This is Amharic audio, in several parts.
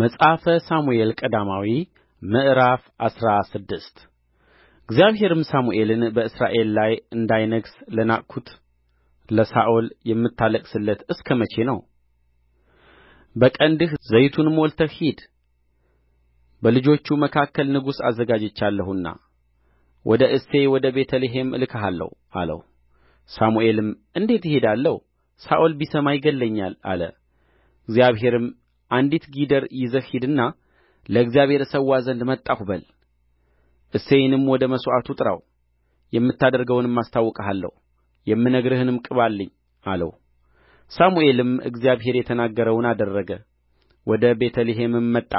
መጽሐፈ ሳሙኤል ቀዳማዊ ምዕራፍ አስራ ስድስት እግዚአብሔርም ሳሙኤልን በእስራኤል ላይ እንዳይነግሥ ለናቅሁት ለሳኦል የምታለቅስለት እስከ መቼ ነው? በቀንድህ ዘይቱን ሞልተህ ሂድ፣ በልጆቹ መካከል ንጉሥ አዘጋጅቻለሁና ወደ እሴይ ወደ ቤተ ልሔም እልክሃለሁ አለው። ሳሙኤልም እንዴት እሄዳለሁ? ሳኦል ቢሰማ ይገድለኛል አለ። እግዚአብሔርም አንዲት ጊደር ይዘህ ሂድና ለእግዚአብሔር እሠዋ ዘንድ መጣሁ በል እሴይንም ወደ መሥዋዕቱ ጥራው የምታደርገውንም አስታውቅሃለሁ የምነግርህንም ቅባልኝ አለው ሳሙኤልም እግዚአብሔር የተናገረውን አደረገ ወደ ቤተ ልሔምም መጣ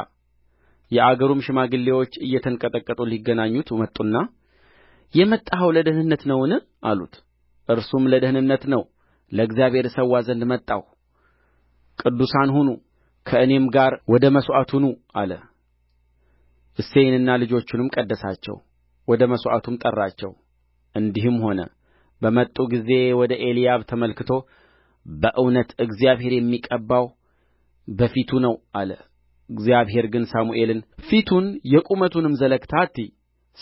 የአገሩም ሽማግሌዎች እየተንቀጠቀጡ ሊገናኙት መጡና የመጣኸው ለደኅንነት ነውን አሉት እርሱም ለደኅንነት ነው ለእግዚአብሔር እሠዋ ዘንድ መጣሁ ቅዱሳን ሁኑ ከእኔም ጋር ወደ መሥዋዕቱ ኑ አለ እሴይንና ልጆቹንም ቀደሳቸው ወደ መሥዋዕቱም ጠራቸው እንዲህም ሆነ በመጡ ጊዜ ወደ ኤልያብ ተመልክቶ በእውነት እግዚአብሔር የሚቀባው በፊቱ ነው አለ እግዚአብሔር ግን ሳሙኤልን ፊቱን የቁመቱንም ዘለግታ አትይ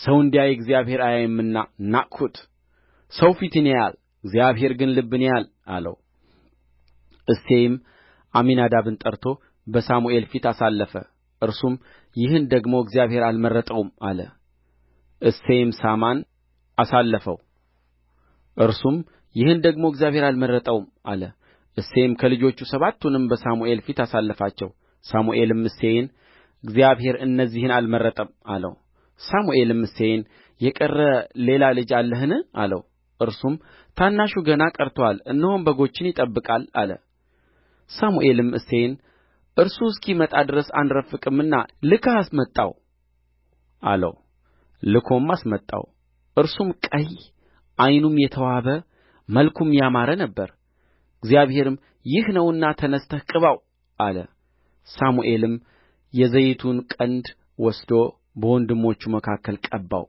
ሰው እንዲያይ እግዚአብሔር አያይምና ናቅሁት ሰው ፊትን ያያል እግዚአብሔር ግን ልብን ያያል አለው እሴይም አሚናዳብን ጠርቶ በሳሙኤል ፊት አሳለፈ እርሱም ይህን ደግሞ እግዚአብሔር አልመረጠውም አለ እሴይም ሣማን አሳለፈው እርሱም ይህን ደግሞ እግዚአብሔር አልመረጠውም አለ እሴይም ከልጆቹ ሰባቱንም በሳሙኤል ፊት አሳለፋቸው ሳሙኤልም እሴይን እግዚአብሔር እነዚህን አልመረጠም አለው ሳሙኤልም እሴይን የቀረ ሌላ ልጅ አለህን አለው እርሱም ታናሹ ገና ቀርቶአል እነሆም በጎችን ይጠብቃል አለ ሳሙኤልም እሴይን እርሱ እስኪመጣ ድረስ አንረፍቅምና ልከህ አስመጣው አለው ልኮም አስመጣው እርሱም ቀይ ዓይኑም የተዋበ መልኩም ያማረ ነበረ እግዚአብሔርም ይህ ነውና ተነሥተህ ቅባው አለ ሳሙኤልም የዘይቱን ቀንድ ወስዶ በወንድሞቹ መካከል ቀባው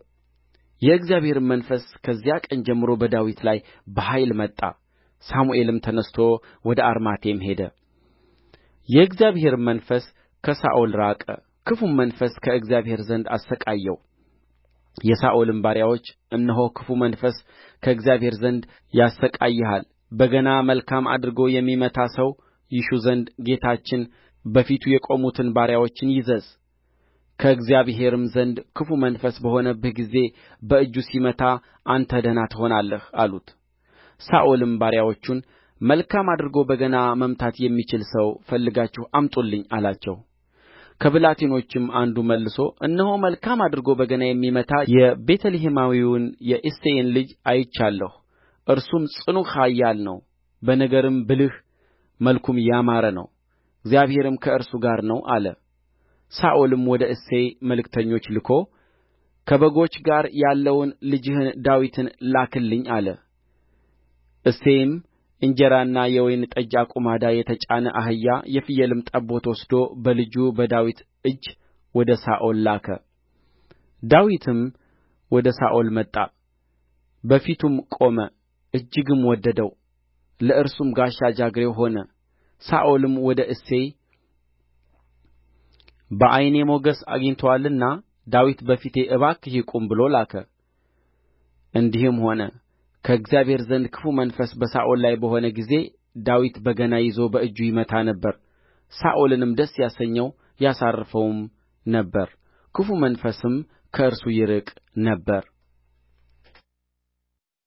የእግዚአብሔርም መንፈስ ከዚያ ቀን ጀምሮ በዳዊት ላይ በኃይል መጣ ሳሙኤልም ተነሥቶ ወደ አርማቴም ሄደ የእግዚአብሔርም መንፈስ ከሳኦል ራቀ ክፉም መንፈስ ከእግዚአብሔር ዘንድ አሠቃየው የሳኦልም ባሪያዎች እነሆ ክፉ መንፈስ ከእግዚአብሔር ዘንድ ያሠቃይሃል በገና መልካም አድርጎ የሚመታ ሰው ይሹ ዘንድ ጌታችን በፊቱ የቆሙትን ባሪያዎቹን ይዘዝ ከእግዚአብሔርም ዘንድ ክፉ መንፈስ በሆነብህ ጊዜ በእጁ ሲመታ አንተ ደህና ትሆናለህ አሉት ሳኦልም ባሪያዎቹን መልካም አድርጎ በገና መምታት የሚችል ሰው ፈልጋችሁ አምጡልኝ አላቸው ከብላቴኖቹም አንዱ መልሶ እነሆ መልካም አድርጎ በገና የሚመታ የቤተ ልሔማዊውን የእሴይን ልጅ አይቻለሁ እርሱም ጽኑዕ ኃያል ነው በነገርም ብልህ መልኩም ያማረ ነው እግዚአብሔርም ከእርሱ ጋር ነው አለ ሳኦልም ወደ እሴይ መልእክተኞች ልኮ ከበጎች ጋር ያለውን ልጅህን ዳዊትን ላክልኝ አለ እሴይም እንጀራና የወይን ጠጅ አቁማዳ የተጫነ አህያ የፍየልም ጠቦት ወስዶ በልጁ በዳዊት እጅ ወደ ሳኦል ላከ ዳዊትም ወደ ሳኦል መጣ በፊቱም ቆመ እጅግም ወደደው ለእርሱም ጋሻ ጃግሬው ሆነ ሳኦልም ወደ እሴይ በዓይኔ ሞገስ አግኝቶአልና ዳዊት በፊቴ እባክህ ይቁም ብሎ ላከ እንዲህም ሆነ ከእግዚአብሔር ዘንድ ክፉ መንፈስ በሳኦል ላይ በሆነ ጊዜ ዳዊት በገና ይዞ በእጁ ይመታ ነበር ሳኦልንም ደስ ያሰኘው ያሳርፈውም ነበር ክፉ መንፈስም ከእርሱ ይርቅ ነበር